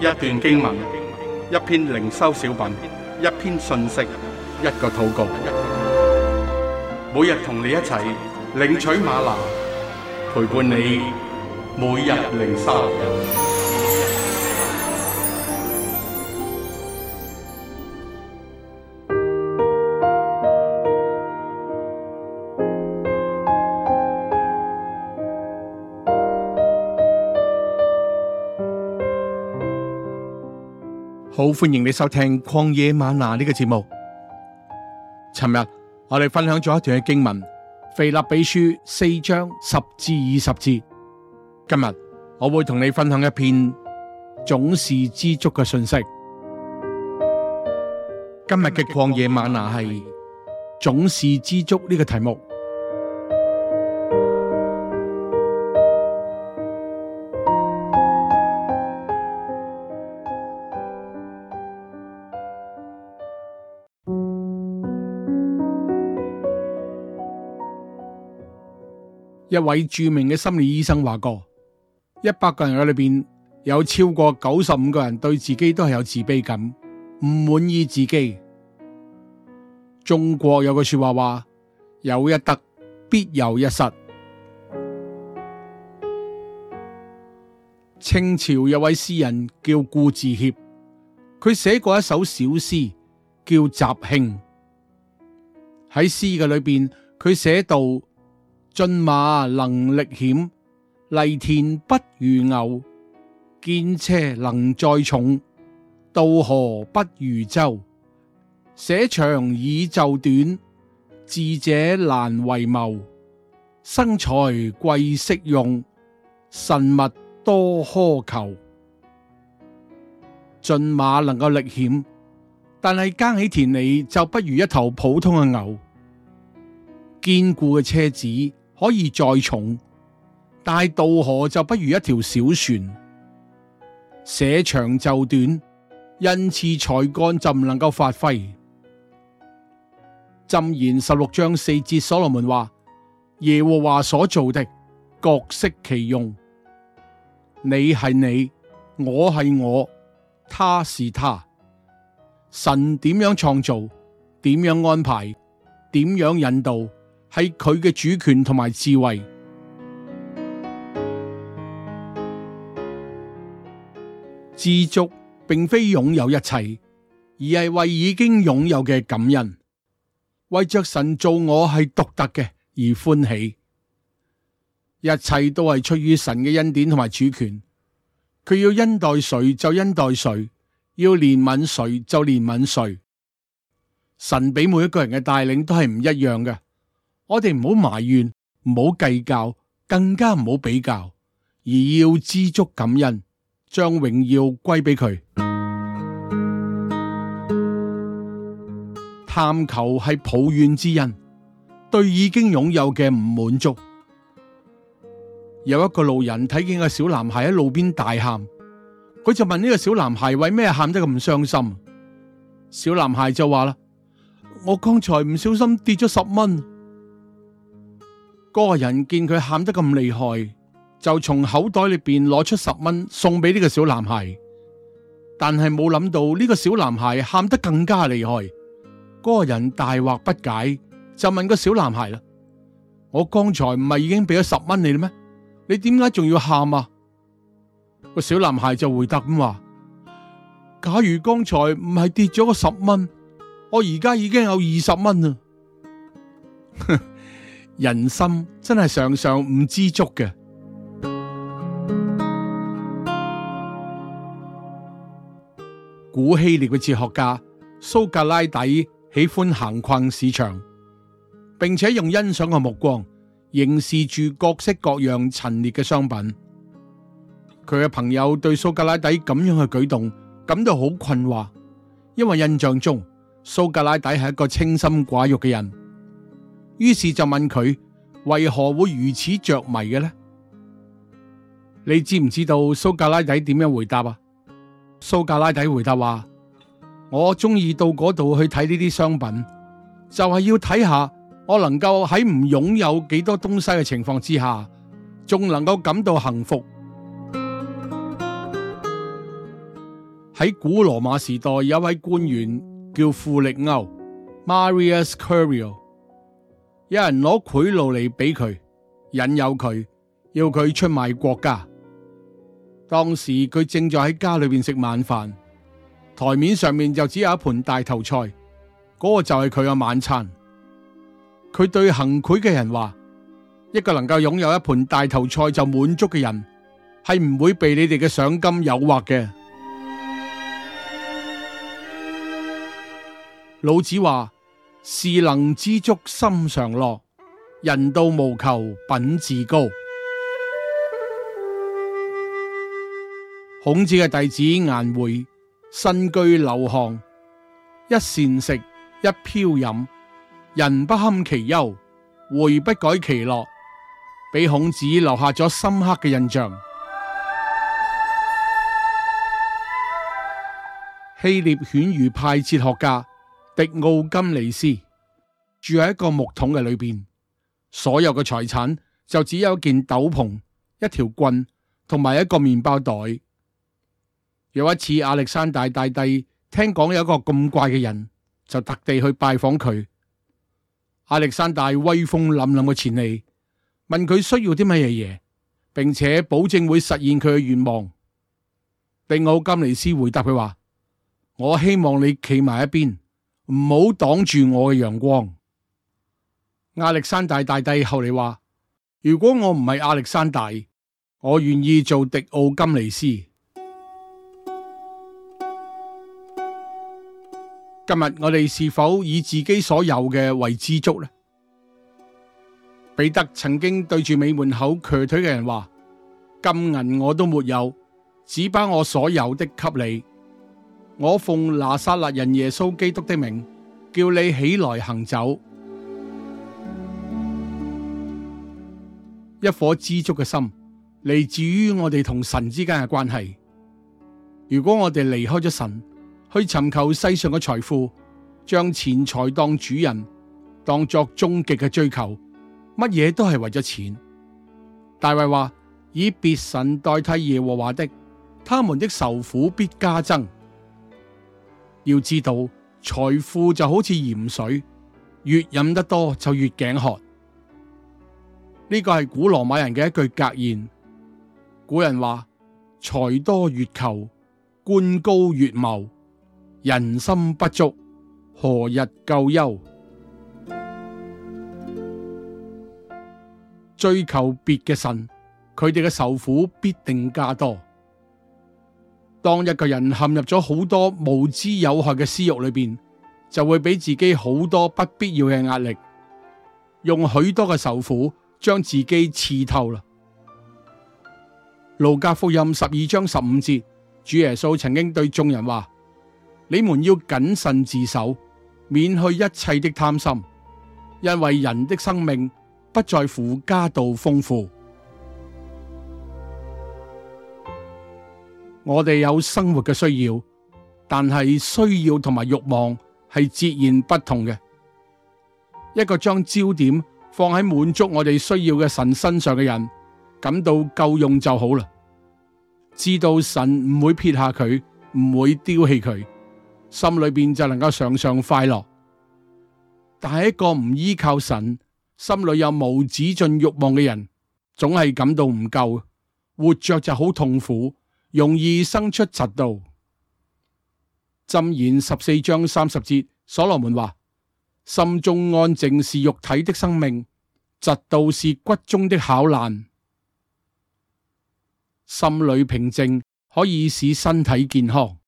一段經文，一篇靈修小品，一篇信息，一個禱告。每日同你一齊領取嗎哪，陪伴你每日靈修。好，歡迎你收聽曠野嗎哪呢、這個節目。尋日我哋分享咗一段嘅經文《腓立比書》四章十至二十節。今日我會同你分享一篇總是知足嘅信息。今日嘅曠野嗎哪係總是知足呢個題目。一位著名嘅心理醫生話過：一百個人裏邊有超過九十五個人對自己都係有自卑感，唔滿意自己。中國有句話說話話：有一得必有一失。清朝有位詩人叫顧嗣協，佢寫過一首小詩叫《雜興》。喺詩嘅裏邊，佢寫到。駿馬能力險，犁田不如牛；堅車能載重，渡河不如舟。捨長以就短，智者難為謀。生財貴適用，慎勿多苛求。駿馬能夠力險，但係耕起田嚟，就不如一頭普通嘅牛。堅固嘅車子。可以載重，但係渡河就不如一條小船。寫長就短，恩賜才幹就唔能夠發揮。箴言十六章四節，所羅門話：耶和華所造的各適其用。你係你，我係我，他是他。神點樣創造，點樣安排，點樣引導。係佢嘅主權同埋智慧，知足並非擁有一切，而係為已經擁有嘅感恩，為着神做我係獨特嘅而歡喜。一切都係出於神嘅恩典同埋主權。佢要恩待誰就恩待誰，要憐憫誰就憐憫誰。神俾每一個人嘅帶領都係唔一樣嘅。我哋唔好埋怨，唔好計較，更加唔好比較，而要知足感恩，將榮耀歸俾佢。探求係抱怨之恩，對已經擁有嘅唔滿足。有一個路人睇見個小男孩喺路邊大喊，佢就問呢個小男孩為咩喊得咁傷心？小男孩就話啦：我剛才唔小心跌咗十蚊。嗰個人見佢喊得咁厲害，就從口袋裏邊攞出十蚊送俾呢個小男孩，但係冇諗到呢個小男孩喊得更加厲害。嗰個人大惑不解，就問個小男孩啦：我剛才唔係已經俾咗十蚊你啦咩？你點解仲要喊啊？個小男孩就回答咁話：假如剛才唔係跌咗個十蚊，我而家已經有二十蚊啦。 人心真係常常唔知足嘅。古希臘嘅哲學家蘇格拉底喜歡行逛市場，並且用欣賞嘅目光凝視住各式各樣陳列嘅商品。佢嘅朋友對蘇格拉底咁樣嘅舉動感到好困惑，因為印象中蘇格拉底係一個清心寡慾嘅人。於是就問佢為何會如此着迷嘅呢？你知唔知道蘇格拉底點樣回答啊？蘇格拉底回答話：我中意到嗰度去睇呢啲商品，就係要睇下我能夠喺唔擁有幾多東西嘅情況之下，仲能夠感到幸福。喺古羅馬時代，有一位官員叫富力歐 Marius Curio 有人攞賄賂嚟俾佢，引誘佢，要佢出賣國家。當時佢正在喺家裏邊食晚飯，台面上面就只有一盤大頭菜，嗰個就係佢嘅晚餐。佢對行賄嘅人話：一個能夠擁有一盤大頭菜就滿足嘅人，係唔會被你哋嘅賞金誘惑嘅。老子話：事能知足心常樂，人到無求品自高。孔子嘅弟子顏回，身居陋巷，一簞食，一瓢飲，人不堪其憂，回不改其樂，俾孔子留下咗深刻嘅印象。 希臘犬儒派哲學家。迪奧金尼斯住喺一個木桶嘅裏邊，所有嘅財產就只有一件斗篷、一條棍同埋一個麵包袋。有一次，亞歷山大大帝聽講有一個咁怪嘅人，就特地去拜訪佢。亞歷山大威風凜凜嘅前嚟，問佢需要啲乜嘢嘢，並且保證會實現佢嘅願望。迪奧金尼斯回答佢話：我希望你企埋一邊。唔好擋住我嘅陽光。亞歷山大大帝後嚟話：如果我唔係亞歷山大，我願意做迪奧金尼斯。今日我哋是否以自己所有嘅為知足呢？彼得曾經對住美門口瘸腿嘅人話：金銀我都沒有，只把我所有的給你。我奉拿撒勒人耶穌基督的名，叫你起來行走。一顆知足嘅心嚟自於我哋同神之間嘅關係。如果我哋離開咗神，去尋求世上嘅財富，將錢財當主人，當作終極嘅追求，乜嘢都係為咗錢。大衛話：以別神代替耶和華的，他們的受苦必加增。要知道財富就好似鹽水，越飲得多就越頸渴。呢個係古羅馬人嘅一句格言。古人話：財多越求，官高越謀，人心不足，何日夠休？追求別嘅神，佢哋嘅愁苦必定加多。當一個人陷入咗好多無知有害嘅私欲裏邊，就會俾自己好多不必要嘅壓力，用許多嘅愁苦將自己刺透啦。路加福音十二章十五節，主耶穌曾經對眾人話：你們要謹慎自守，免去一切的貪心，因為人的生命不在乎家道豐富。我哋有生活嘅需要，但係需要同埋欲望係截然不同嘅。一個將焦點放喺滿足我哋需要嘅神身上嘅人，感到夠用就好啦。知道神唔會撇下佢，唔會丟棄佢，心裏面就能夠常常快樂。但係一個唔依靠神，心裏有無止盡欲望嘅人，總係感到唔夠，活着就好痛苦。容易生出嫉妒。箴言十四章三十節，所羅門話：心中安靜是肉體的生命，嫉妒是骨中的考難。心裏平靜可以使身體健康。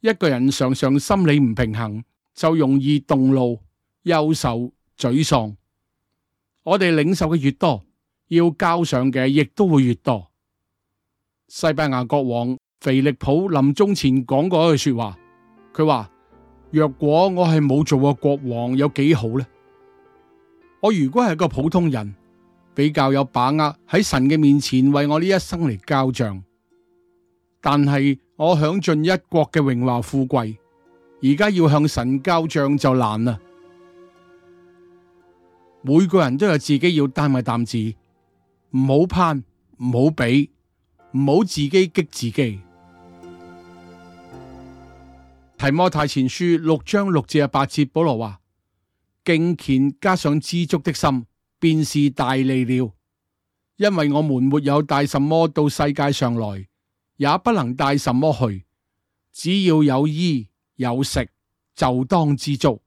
一個人常常心理唔平衡，就容易動怒、憂愁、沮喪。我哋領受嘅越多，要交上嘅亦都會越多。西班牙國王腓力普臨終前講過一句說話，佢話：若果我係冇做過國王，有幾好呢？我如果係個普通人，比較有把握喺神嘅面前為我呢一生嚟交賬。但係我享盡一國嘅榮華富貴，而家要向神交賬就難啦。每個人都有自己要擔嘅擔子，唔好攀，唔好比。唔好自己激自己。提摩太前書六章六至八節，保羅話：敬虔加上知足的心，便是大利了。因為我們沒有帶什麼到世界上來，也不能帶什麼去，只要有衣有食，就當知足。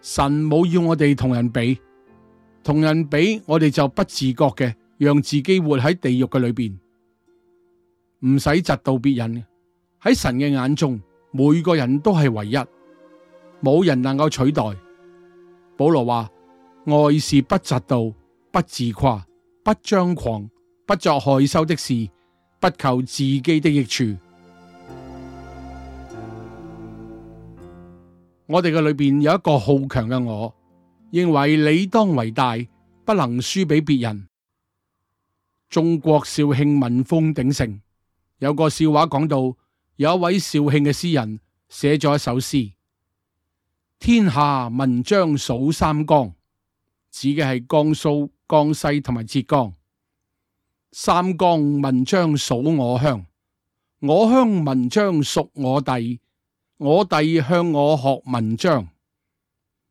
神冇要我哋同人比。同人比，我哋就不自覺嘅，讓自己活喺地獄嘅裏邊，唔使嫉妒別人。喺神嘅眼中，每個人都係唯一，冇人能夠取代。保羅話：愛是不嫉妒、不自誇、不張狂、不作害羞的事、不求自己的益處。我哋嘅裏邊有一個好強嘅我。認為你當為大，不能輸俾別人。中國肇慶文風鼎盛，有個笑話講到，有一位肇慶嘅詩人寫咗一首詩：天下文章數三江，指嘅係江蘇、江西同埋浙江。三江文章數我鄉，我鄉文章屬我弟，我弟向我學文章。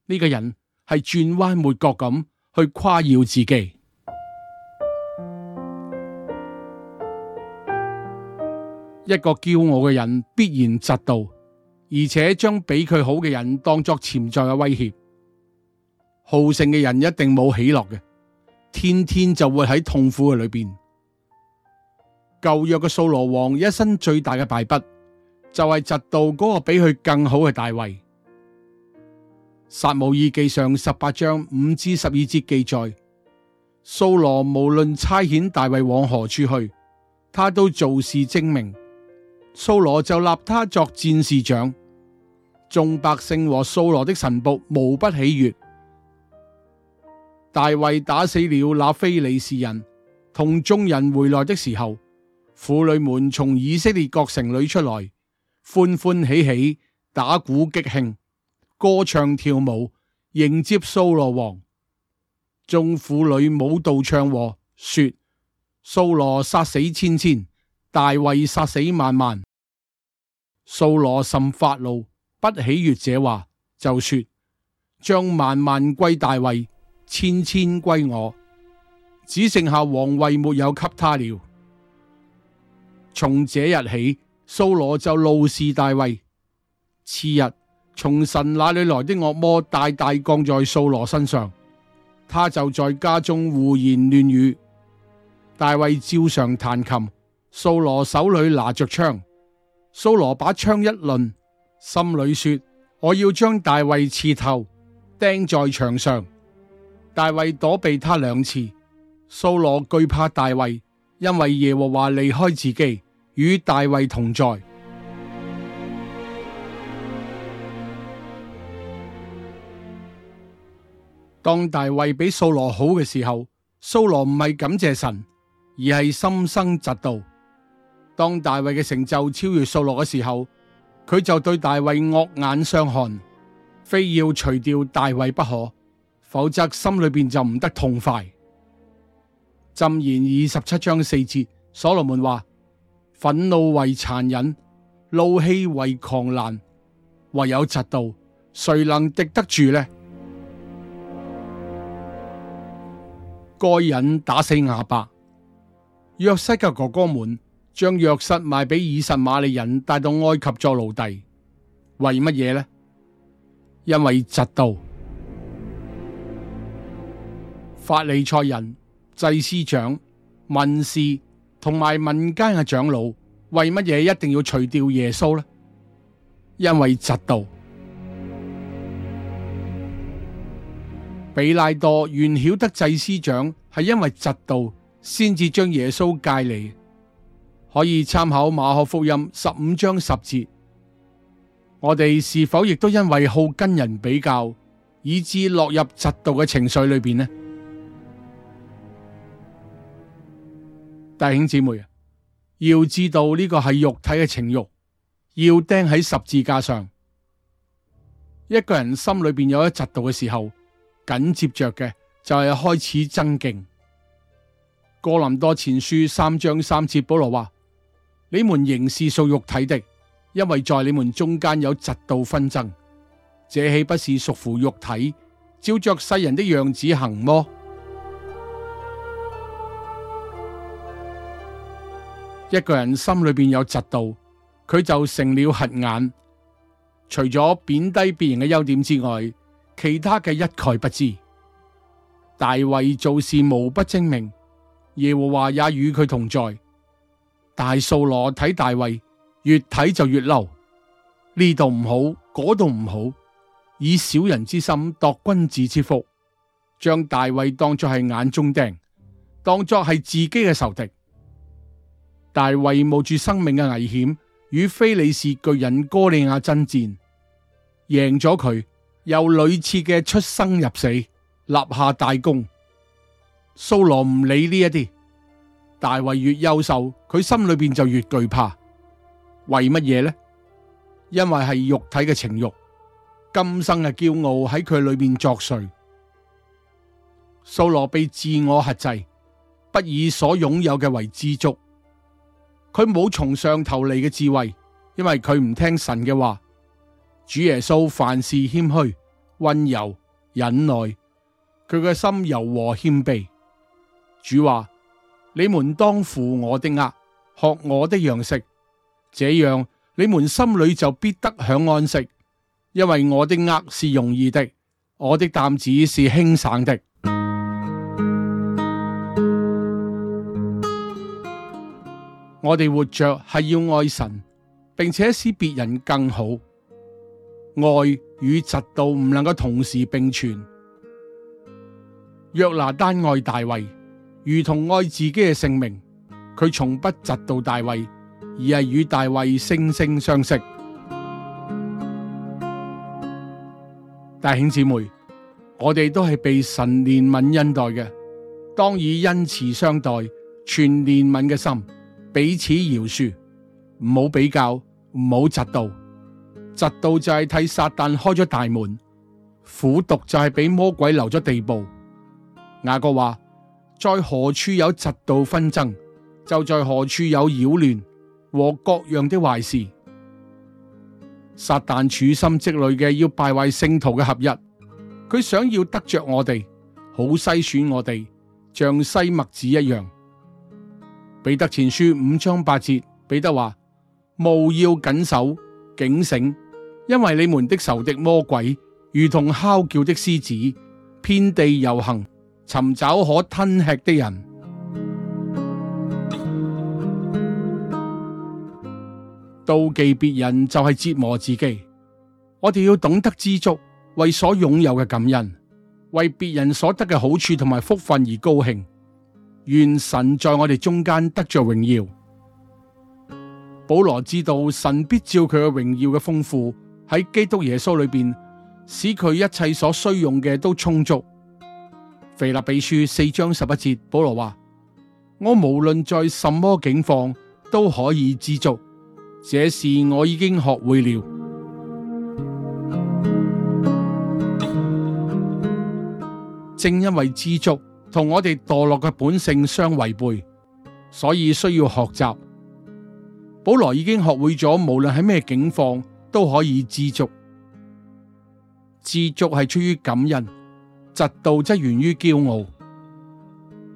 呢個人。係轉彎抹角咁去誇耀自己，一個驕傲嘅人必然嫉妒，而且將比佢好嘅人當作潛在嘅威脅。好勝嘅人一定冇喜樂嘅，天天就會喺痛苦嘅裏邊。舊約嘅掃羅王一生最大嘅敗筆，就係嫉妒嗰個比佢更好嘅大衛。撒母耳記上十八章五至十二節記載，掃羅無論差遣大衛往何處去，他都做事精明。掃羅就立他作戰士長，眾百姓和掃羅的臣僕無不喜悅。大衛打死了那非利士人，同眾人回來的時候，婦女們從以色列各城裏出來，歡歡喜喜，打鼓擊磬。歌唱跳舞迎接掃羅王，眾婦女舞蹈唱和，說掃羅殺死千千，大衛殺死萬萬。掃羅甚發怒，不喜悅這話，就說將萬萬歸大衛，千千歸我，只剩下王位沒有給他了。從這日起，掃羅就怒視大衛。次日，從神那裏來的惡魔大大降在掃羅身上，他就在家中胡言亂語。大衛照常彈琴，掃羅手裏拿着槍。掃羅把槍一掄，心裏說：我要將大衛刺透，釘在牆上。大衛躲避他兩次。掃羅懼怕大衛，因為耶和華離開自己，與大衛同在。當大衛比掃羅好嘅時候，掃羅唔係感謝神，而係心生嫉妒，當大衛嘅成就超越掃羅嘅時候，佢就對大衛惡眼相看，非要除掉大衛不可，否則心裏邊就唔得痛快。箴言二十七章四節，所羅門話：憤怒為殘忍，怒氣為狂瀾，唯有嫉妒，誰能敵得住呢？該隱打死亞伯。約瑟嘅哥，哥哥們將約瑟賣俾以實馬利人，帶到埃及做奴隸。為乜嘢呢？因為嫉妒。法利賽人、祭司長、文士同埋民間嘅長老，為乜嘢一定要除掉耶穌呢？因為嫉妒。比拉多原曉得祭司長係因為嫉妒，先至將耶穌解嚟。可以參考馬可福音十五章十節。我哋是否亦都因為好跟人比較，以致落入嫉妒嘅情緒裏邊呢？弟兄姊妹啊，要知道呢個係肉體嘅情欲，要釘喺十字架上。一個人心裏邊有一嫉妒嘅時候。緊接着嘅就係、是、開始爭競。哥林多前書三章三節，保羅話：你們仍是屬肉體的，因為在你們中間有嫉妒紛爭。這豈不是屬乎肉體，照着世人的樣子行麼？ 一個人心裏邊有嫉妒，佢就成了瞎眼。除咗貶低別人嘅優點之外，其他嘅一概不知，大衛做事無不精明，耶和華也與佢同在。大數羅睇大衛，越睇就越嬲，呢度唔好，嗰度唔好，以小人之心度君子之腹，將大衛當作係眼中釘，當作係自己嘅仇敵。大衛冒住生命嘅危險，與非利士巨人哥利亞爭戰，贏咗佢。又屢次嘅出生入死，立下大功。掃羅唔理呢一啲，大衛越優秀，佢心裏邊就越懼怕。為乜嘢呢？因為係肉體嘅情欲、今生嘅驕傲喺佢裏邊作祟。掃羅被自我轄制，不以所擁有嘅為知足。佢冇從上頭嚟嘅智慧，因為佢唔聽神嘅話。主耶穌凡事謙虛、溫柔、忍耐，佢嘅心柔和謙卑。主話：你們當負我的軛，學我的樣式，這樣你們心裏就必得享安息，因為我的軛是容易的，我的擔子是輕省的。我哋活着係要愛神，並且使別人更好。愛與嫉妒唔能夠同時並存。若拿單愛大衛，如同愛自己嘅性命，佢從不嫉妒大衛，而係與大衛惺惺相惜。弟兄姊妹，我哋都係被神憐憫恩待嘅，當以恩慈相待，存憐憫嘅心，彼此饒恕，唔好比較，唔好嫉妒。窒道就係替撒旦開咗大門，苦毒就係俾魔鬼留咗地步。雅各話：在何處有嫉妒紛爭，就在何處有擾亂和各樣的壞事。撒旦處心積慮嘅要敗壞聖徒嘅合一，佢想要得着我哋，好篩選我哋，像篩麥子一樣。彼得前書五章八節，彼得話：務要謹守警醒。因為你們的仇敵魔鬼，如同吼叫的獅子，遍地遊行，尋找可吞吃的人。妒忌別人就係折磨自己。我哋要懂得知足，為所擁有嘅感恩，為別人所得嘅好處同埋福分而高興。願神在我哋中間得着榮耀。保羅知道神必照佢嘅榮耀嘅豐富。喺基督耶穌裏邊，使佢一切所需用嘅都充足。腓立比書四章十一節，保羅話：我無論在什麼境況都可以知足，這是我已經學會了。正因為知足同我哋墮落嘅本性相違背，所以需要學習。保羅已經學會咗，無論喺咩境況。都可以知足，知足係出於感恩，嫉妒則源於驕傲。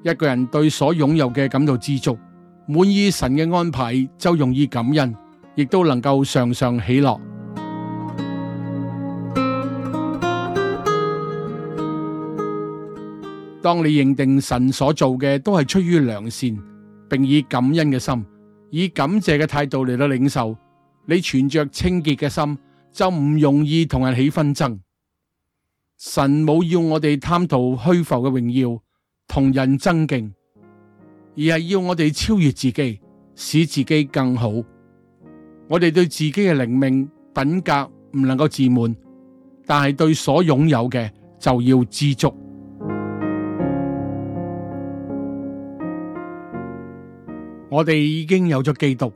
一個人對所擁有嘅感到知足，滿意神嘅安排，就容易感恩，亦都能夠常常喜樂。當你認定神所做嘅都係出於良善，並以感恩嘅心，以感謝嘅態度嚟到領受。你存着清潔嘅心，就唔容易同人起紛爭。神冇要我哋貪圖虛浮嘅榮耀，同人爭競，而係要我哋超越自己，使自己更好。我哋對自己嘅靈命品格唔能夠自滿，但係對所擁有嘅就要知足。我哋已經有咗基督，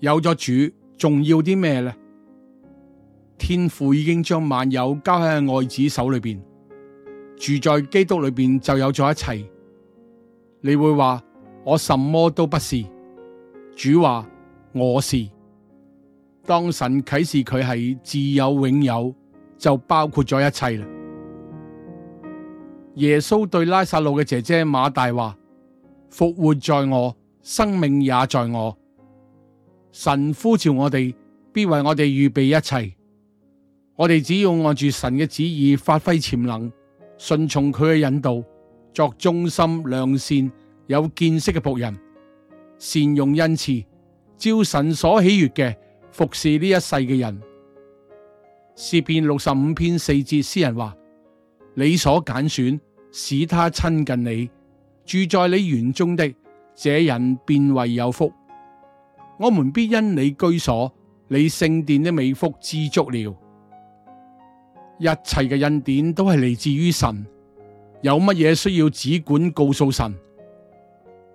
有咗主。仲要啲咩咧？天父已經將萬有交喺愛子手裏邊，住在基督裏邊就有咗一切。你會話我什麼都不是，主話我是。當神啟示佢係自有永有，就包括咗一切啦。耶穌對拉撒路嘅姐姐馬大話：復活在我，生命也在我。神呼召我哋，必為我哋預備一切。我哋只要按住神嘅旨意，發揮潛能，順從佢嘅引導，作忠心、良善、有見識嘅僕人，善用恩賜，照神所喜悦嘅服侍呢一世嘅人。詩篇六十五篇四節，詩人話：你所揀選，使他親近你，住在你園中的，這人便為有福。我們必因你居所，你聖殿的美福知足了。一切嘅恩典都係嚟自於神，有乜嘢需要只管告訴神。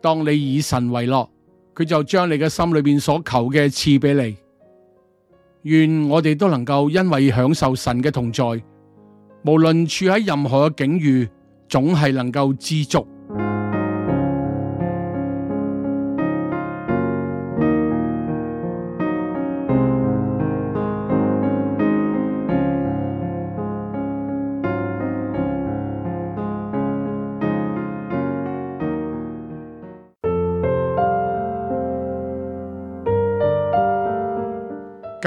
當你以神為樂，佢就將你嘅心裏邊所求嘅賜俾你。願我哋都能夠因為享受神嘅同在，無論處喺任何嘅境遇，總係能夠知足。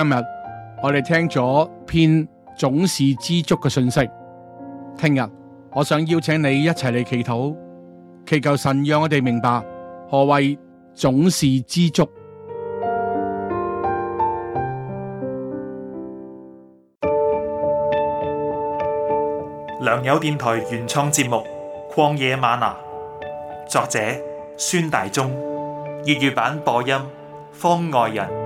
今日我哋聽咗篇總是知足嘅信息，聽日我想邀請你一齊嚟祈禱，祈求神讓我哋明白何謂總是知足。良友電台原創節目《曠野嗎哪》，作者孫大中，粵語版播音方外人。